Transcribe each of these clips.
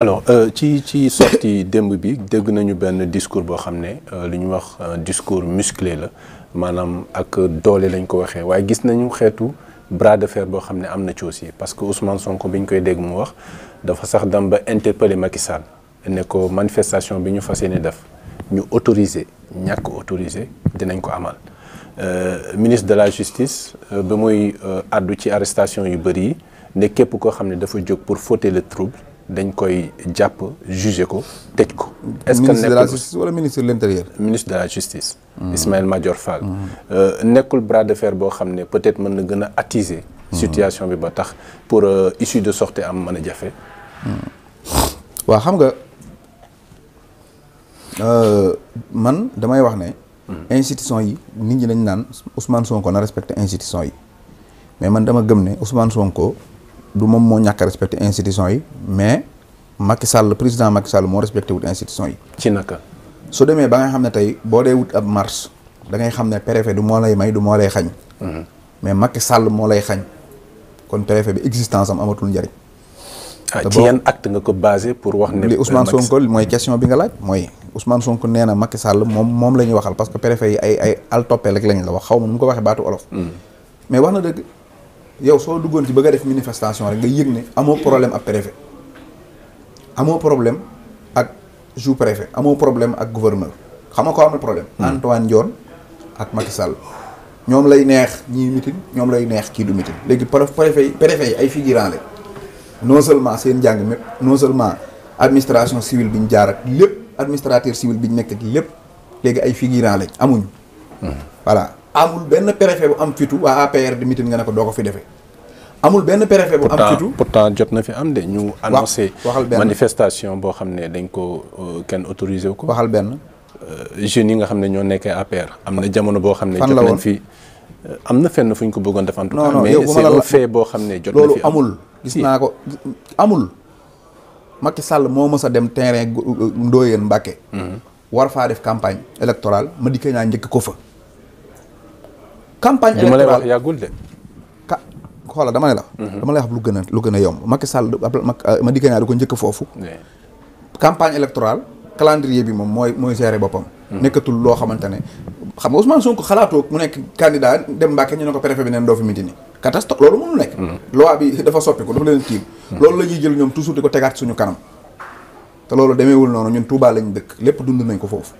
alors euh, ci ci sortie démb bi dégg nañu benn discours boo xam ne euh, lu ñu wax euh, discours musclé la maanaam ak doole lañ ko waxee waaye gis nañu xeetu bras de boo xam ne am na ci aussi parce que Ousmane Sonko bi ñu koy dégg mu wax dafa sax dam ba interpeller Macky Sall ne ko manifestation bi ñu fas yéene def ñu autorisé ñàkk autorisé dinañ ko amal ministre de la justice ba muy àddu ci arrestation yu bëri yi ne képp koo xam ne dafa jóg pour fauter le trouble dañ koy jàpp jugé ko tëj ko. est-ce que ministre de la justice wala ministre de l'intérieur. de la justice. Hmm. Ismaël Madior Fall. Hmm. Euh, nekkul bras de fer boo xam ne peut-être mën na gën a attiser. Hmm. situation bi ba tax pour euh, issue de sortie am mën a jafe. waa xam nga euh, man damay wax ne. institution yi nit ñi dañ naan Ousmane Sonko na respecté institution yi mais man dama gëm ne Ousmane Sonko. du moom moo ñàkk respecté institution yi mais Macky sàll président Macky Sall moo respecté wut institution yi. ci naka. su demee ba nga xam ne tey boo dee wut ab marche da xam ne préfet du moo lay may du moo lay xañ. Mhm. mais Macky sàll moo lay xañ. kon préfet bi existence amatul njëriñ. Ah, te ci yan acte nga ko pour wax ne. li Ousmane Sonko mooy question bi nga laaj mooy Ousmane Sonko nee na Macky Sall moom moom la ñuy waxal parce que préfet yi ay ay al toppee la wax xaw ma nu mu ko waxee baatu olof. Mhm. mais wax na dëgg yow soo duggoon ci bëgg a def manifestation rek nga yëg amoo problème ab préfet. amoo problème ak sous préfet amoo problème ak gouverneur xam nga ko amul problème. Hmm. Antoine Diome ak Macky Sall ñoom lay neex ñii mitin ñoom lay neex kii du mitin léegi préfet yi préfet yi ay figurants lañ non seulement seen njàng mépp non seulement administration civile bi ñu jaar ak lépp administrateur civil bi ñu nekk ak lépp léegi ay figurants lañ amuñu. Hmm. voilà amul benn préfet bu am fitu waa APR di mitin nga ne ko doo ko fi defee. amul benn préfet bu am surtout pourtant jot na fi am de ñu annoncé manifestation boo xam ne dañ ko euh, kenn autorisé wu ko waxal benn euh, jeunes yi nga xam ne ñoo nekkee APR am na jamono boo xam ne jot nañ fi euh, am na fenn fu ñu ko bëggoon def en tout cas mais c'est boo xam ne jot na amul gis naa ko amul Macky Sall moo mës a dem terrain Ndoyeen Mbacke mhm. war faa def campagne électorale ma dikkee naa njëkk ko fa campagne électorale li ma yàggul de xoola dama ne la mhm. dama lay wax lu gën a lu gën a yomb Macky Sall ma dikka naa di ko njëkk foofu campagne électorale calendrier bi moom mooy mooy gérer boppam mhm. nekkatul loo xamante ne xam nga Ousmane Sonko xalaatoo mu nekk candidat dem Mbàkke ñu ne ko préfet bi neen doo fi miti ni catastrophe loolu mënul nekk mhm. loi bi dafa soppi ko dafa leen tiim loolu la ñuy jël ñoom toujours di ko tegaat suñu kanam te loolu demeewul noonu ñun Touba lañ dëkk lépp dund nañ ko foofu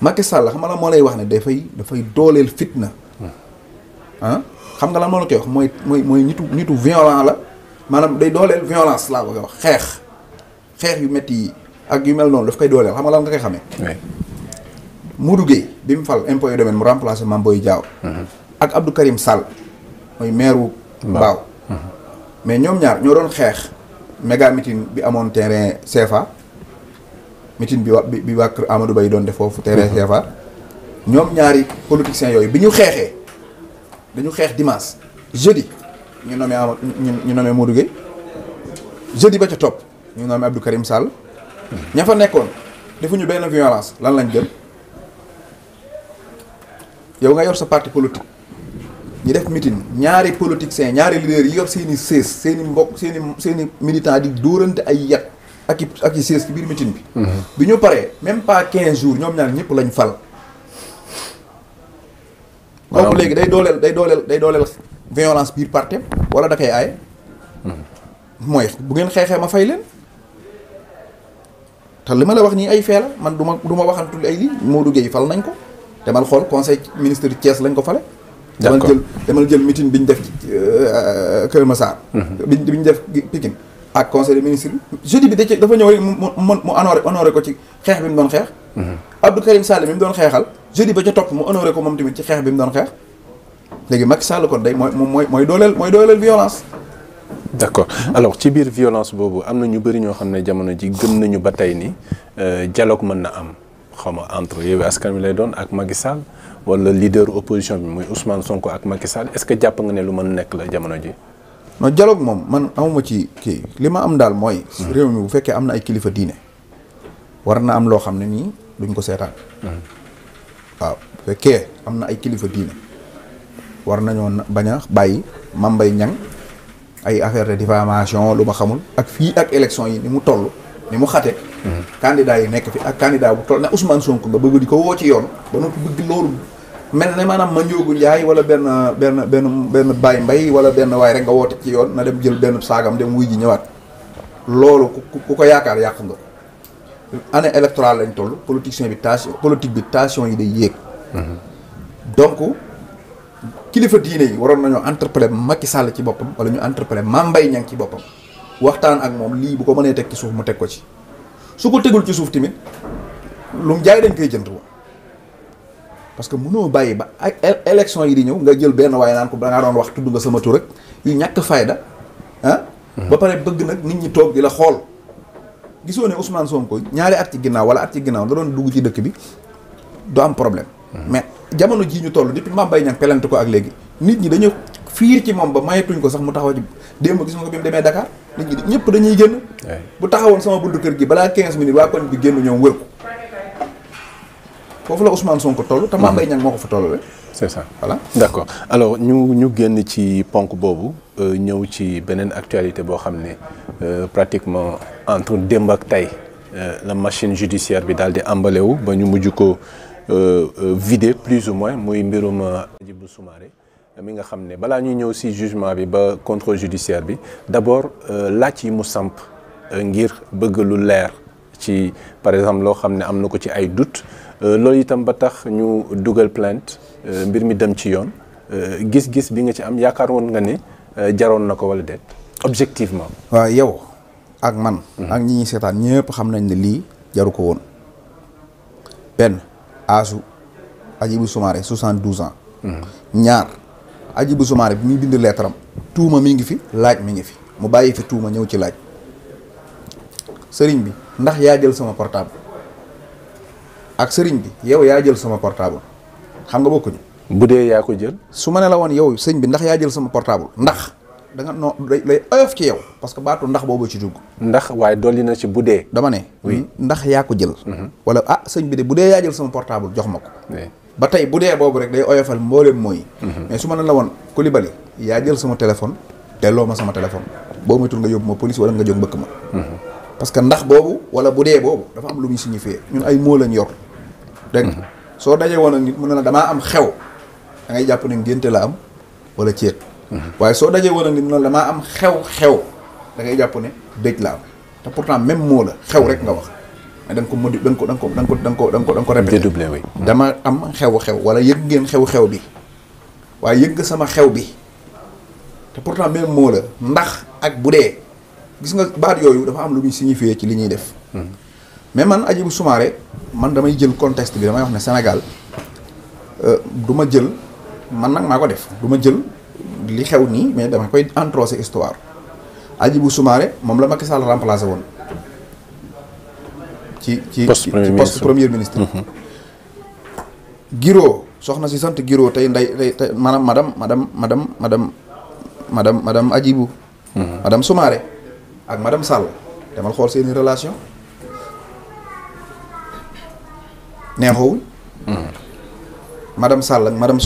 Macky Sall xam moo lay wax ne dafay dafay dooleel fitna ah xam nga laa moo la koy wax mooy mooy mooy nitu nitu violent la maanaam day dooleel violence laa koy wax xeex xeex yu métti yi ak yu mel noonu daf koy dooleel xam nga lan nga koy xamee. Modou Gueye bi mu fal impôt yu domaine mu remplacé Mame Boye Diao. Mm-hmm. ak Abdou Karim Sall mooy maire wu Mbao mm-hmm. mais ñoom ñaar ñoo doon xeex méga bi amoon terrain CFA meeting bi wa bi waa kër Amadou Baye doon def foofu terrain mm-hmm. CFA ñoom ñaari politiciens yooyu bi ñu xeexee dañu xeex dimanche jeudi ñu nommé Amadou ñu nommé Modou Gueye jeudi ba ca topp ñu nommé Abdou Karim ña fa nekkoon defuñu benn violence lan lañ dem yow nga yor sa parti politique ñu def meeting ñaari politiciens ñaari leaders yi yor seen i sées seen mbokk seen i seen i di dóorante ay yat ak i ak i sées ci biir meeting bi. Mhm. bi ñu paree même pas 15 jours ñoom ñaar ñëpp lañ fal. donc léegi day dooleel day dooleel day dooleel violence biir parti wala da koy aaye. Hmm. mooy bu ngeen xeexee ma fay leen. te li ma la wax nii ay fee man du ma du ma waxantul ay moo Modou Gueye fal nañ ko demal xool conseil ministre Thiès lañ ko fale. demal jël demal jël meeting bi ñu def euh, Kër Massar. Hmm. bi ñu def Pikine ak conseil des ministres bi jeudi bi da dafa ñëw rek mu mu mu honoré honoré ko ci xeex bi mu doon xeex. Hmm. Abdou Karim Sall mi mu doon xeexal. jeudi ba ca topp mu honoré ko moom tamit ci xeex bi mu doon xeex léegi Macky Sall ko day mooy mooy mooy dooleel mooy dooleel violence. d'accord alors ci biir violence boobu am na ñu bëri ñoo xam ne jamono ji gëm nañu ba tey ni euh, dialogue mën na am xaw ma entre Yewwi Askan Wi lay doon ak Macky Sall wala leader opposition bi muy Ousmane Sonko ak Macky Sall est-ce que jàpp nga ne lu mën nekk la jamono ji. non dialogue moom man amuma ci kii li ma am daal mooy. Hmm. réew mi bu fekkee am na ay kilifa diine war na am loo xam ne nii duñ ko seetaan. Hmm. waaw bu fekkee am na ay kilifa diine war nañoo bañ a bàyyi Mame Mbaye Niang ay affaire de diffamation lu ma xamul ak fii ak élection yi ni mu toll ni mu xate mhm. candidat yi nekk fi ak candidat bu toll ne Ousmane sonk nga bëggu di ko woo ci yoon ba noppi bëgg loolu mel ne maanaam ma njoogu njaay wala benn benn benn benn Baye Mbaye wala benn waay rek nga woote ci yoon na dem jël benn saagam dem wuy ji ñëwaat loolu ku ko yaakaar yàq nga année électorale lañ toll politicien bi tension politique bi tension yi day yéeg. donc kilifa diine yi waroon nañoo entrepellé Macky Sall ci boppam wala ñu entrepellé Mame Mbaye Niang ci boppam waxtaan ak moom lii bu ko mënee teg ci suuf mu teg ko ci su ko tegul ci suuf tamit lu mu jaay dañ koy jënd wa parce que mënoo bàyyi ba ak élection yi di ñëw nga jël benn waaye naan ko da ngaa doon wax tudd nga sama tur rek yu ñàkk fayda ah. Mm-hmm. ba pare bëgg nag nit ñi toog di la xool. gisoo ne Ousmane Sonko ñaari at ci ginnaaw wala at ci ginnaaw da doon dugg ci dëkk bi du am problème. Hmm. mais jamono jii ñu toll depuis Mame Mbaye Niang pelante ko ak léegi nit ñi dañu fiir ci moom ba mayetuñ ko sax mu taxaw ci démb gis nga ko bi mu demee Dakar nit ñi ñëpp dañuy génn. bu taxawoon sama buntu kër gi balaa 15 minutes waa koñ bi génn ñoom wër ko foofu la Ousmane Sonko toll te Mame Mbaye Niang moo ko fa tollale c'est ça voilà d'accord alors ñu ñu génn ci ponk boobu euh, ñëw ci beneen actualité boo xam ne euh, pratiquement entre démb ak tey euh, la machine judiciaire bi daal di emballé wu ba ñu mujj ko vider plus ou moins muy mbirum Hadjibou Soumaré mi nga xam ne balaa ñuy ñëw si jugement bi ba contrôle judiciaire bi d'abord laaj yi mu samp ngir bëgg lu leer ci par exemple loo xam ne am na ko ci ay doute Euh, loolu itam ba tax ñu dugal plainte euh, mbir mi dem ci yoon euh, gis-gis bi nga ci am yaakaar woon nga ne jaroon na ko wala déet objectivement. waaw yow ak man. Mhm. ak ñi ñuy seetaan ñëpp xam nañ ne lii jaru ko woon benn aasu Hadjibou Soumaré 72 ans. Mhm. ñaar Hadjibou Soumaré bi muy bind leetaram tuuma mi ngi fi laaj mi ngi fi mu bàyyi fi tuuma ñëw ci laaj sëriñ bi ndax yaa jël sama portable. ak sëriñ bi yow yaa jël sama portable xam nga bokkuñu. bu dee yaa ko jël. su ma ne la woon yow sëñ bi ndax yaa jël sama portable ndax da nga noo lay oyof ci yow parce que baatu ndax boobu ci dugg. ndax waaye dolli na ci bu dee. dama ne. oui ndax yaa ko jël. Mhm. wala ah sëñ bi de bu dee yaa jël sama portable jox ma ko. ba tey bu dee boobu rek day oyofal mbooleem mooy. Mhm. mais su ma ne la woon Coulibaly yaa jël sama téléphone delloo ma sama téléphone boo moytuwul nga yóbbu ma police wala nga jóg mbëkk ma. Mhm. parce que ndax boobu wala bu dee boobu dafa lu muy signifié ñun ay moo lañ yor. dégg nga soo dajee woon ak nit mu ne la damaa am xew da ngay jàpp ne ngénte la am wala ceet waaye soo dajee woon ak nit mu ne la damaa am xew-xew da ngay jàpp ne dëj la am te pourtant même mot la xew rek nga wax mais da nga ko modi da nga ko da nga ko da nga ko da nga ko da nga ko da nga ko répété dama am xew-xew wala yëg ngeen xew-xew bi waaye yëg nga sama xew bi te pourtant même mot la ndax ak bu dee gis nga baat yooyu dafa am lu muy signifié ci li ñuy def mais man Hadjibou Soumaré man damay jël contexte bi damay wax ne Sénégal euh, du ma jël man nag maa ko def du ma jël li xew nii mais dama koy entrosser histoire Hadjibou Soumaré moom la ma Macky Sall remplacé woon. ci ci poste premier ministre poste mm-hmm. Giro soxna si sant Giro tey nday tey maanaam madame madame madame madame madame madame Hadjibou. Mm-hmm. madame Soumaré ak madame Sall dama xool seeni relation neexoowuñ madame Sall ak madame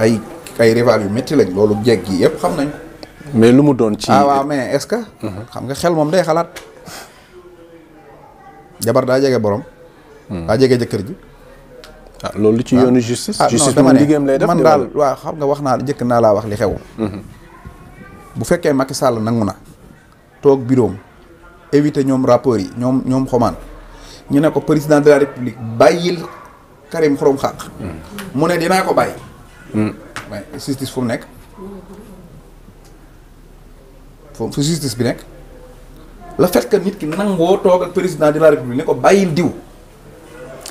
ay ay rival yu métti lañ loolu jekk gi yëpp xam nañ mais lu mu doon ci ah mais est-ce que mhm. xam nga xel moom day xalaat jabar daa jege borom mhm. daa jege jëkkër ji ah loolu ci ah. yoonu justice ah, justice moom liggéeyam lay def man daal waa xam nga wax naa jëkk naa laa wax li xew mhm. bu fekkee Macky Sall nangu na toog biroom éviter ñoom rapport yi ñoom ñoom xomaan ñu ne ko président de la république bàyyil Karim Xurum Xaq mm. mu ne dinaa ko bàyyi waaye mm. justice fu mu nekk foofu fu justice bi nekk le fait nit ki nangoo toog ak président de la république ne ko bàyyil diw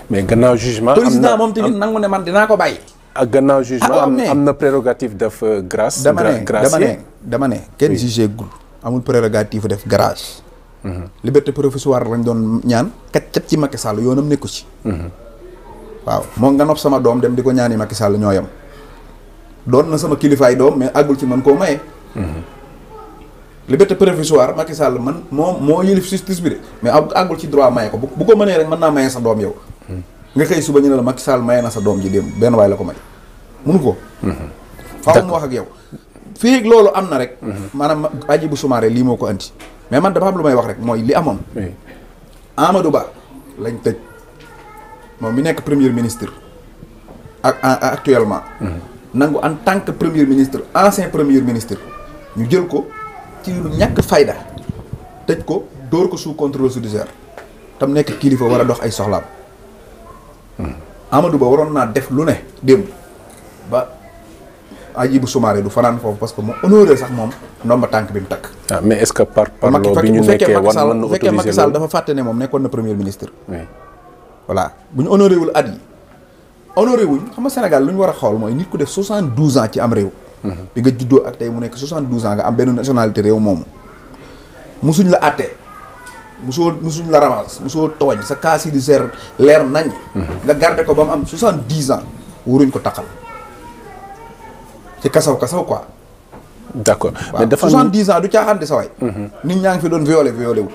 mais gannaaw jugement président moom tamit nangu ne man dinaa ko bàyyi ak gannaaw ah, jugement am na prérogative def euh, grâce dama ne dama ne dama ne kenn jugé gul amul prérogative def grâce liberté provisoire lañ doon ñaan kat ci Macky Sall yoonam nekku ci. waaw moo nga nopp sama doom dem di ko ñaani Macky Sall ñoo yam doon na sama kilifaay doom mais àggul ci man koo maye. liberté provisoire Macky Sall man moom moo yilif justice mais àggul ci droit maye ko bu ko mënee rek mën naa maye sa doom yow. nga xëy suba ñu ne la Macky Sall maye na sa doom ji dem benn waaye la ko may munu ko. faaw mu wax ak yow. fii loolu am na rek. maanaam aji bu sumaaree lii moo ko andi. mais man dafa am lu may wax rek mooy li amoon. Amadou Ba lañ tëj moom mi nekk premier ministre ak actuellement. Mm-hmm. nangu en tant que premier ministre ancien premier ministre ñu jël ko ci lu ñàkk fayda tëj ko dóor ko sous contrôle judiciaire tam nekk kilifa war a dox ay soxlaam. Mm-hmm. Amadou Ba waroon naa def lu ne démb ba Hadjibou Soumaré du fanaan foofu parce que mu honoré sax moom ndomba tànk bi mu takk. ah mais est-ce que par parlo bi ñu nekkee war na autoriser fekkee Macky Sall dafa fàtte ne moom nekkoon na premier ministre. voilà bu ñu honoré wul at yi. honoré wuñ xam nga Sénégal lu ñu war a xool mooy nit ku def 72 ans ci am réew. Mhm. bi nga juddoo ak tey mu nekk 72 ans nga am benn nationalité réew moomu. musuñ la àtte musoo musuñ la ramas musoo tooñ sa cas judiciaire leer nañ. Mhm. nga garder ko ba mu am 70 ans waruñ ko taxal. ci kasaw kasaw quoi. d' accord dafa soixante dix ans du caaxaan di saway mhm. nit ñaa ngi fi doon violé violé wul.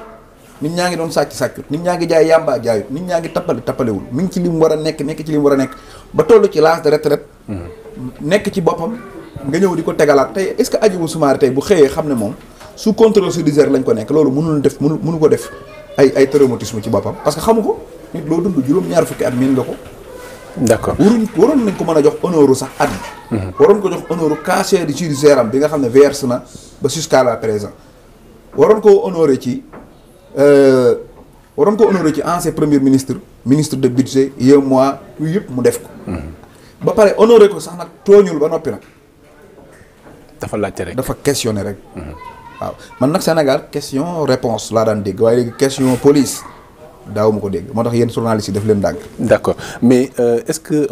nit ñaa ngi doon sàcc sàccut nit ñaa ngi jaay yàmbaa jaayut nit ñaa ngi tappale tappalewul mi ngi ci lim war a nekk nekk ci lim war a nekk ba toll ci laa de retraite mhm. nekk ci boppam nga ñëw di ko tegalaat tey est ce que Hadjibou Soumaré tey bu xëyee xam ne moom sous contrôle judiciaire lañ ko nekk loolu mënul def mënu mënu ko def ay ay traumatisme ci boppam parce que xamu ko loo dund juróom ñaar fukki at miin nga ko d'accord waruñ waroon nañ ko mën a jox honneur sax at mhm. waroon ko jox honneur casier judiciaire am bi nga xam ne verse na ba jusqu'à la présent waroon ko honoré ci euh, waroon ko honoré ci ancien premier ministre ministre de budget yeux mois yu yëpp mu def ko mhm. ba pare honoré ko sax nag tooñul ba noppi nag dafa laajte rek dafa questionné rek mhm. waaw man nag Sénégal question réponse laa daan dégg waaye léegi question police daaw ma ko dégg moo tax yéen journalistes yi daf leen dàgg. d'accord mais euh, est-ce que.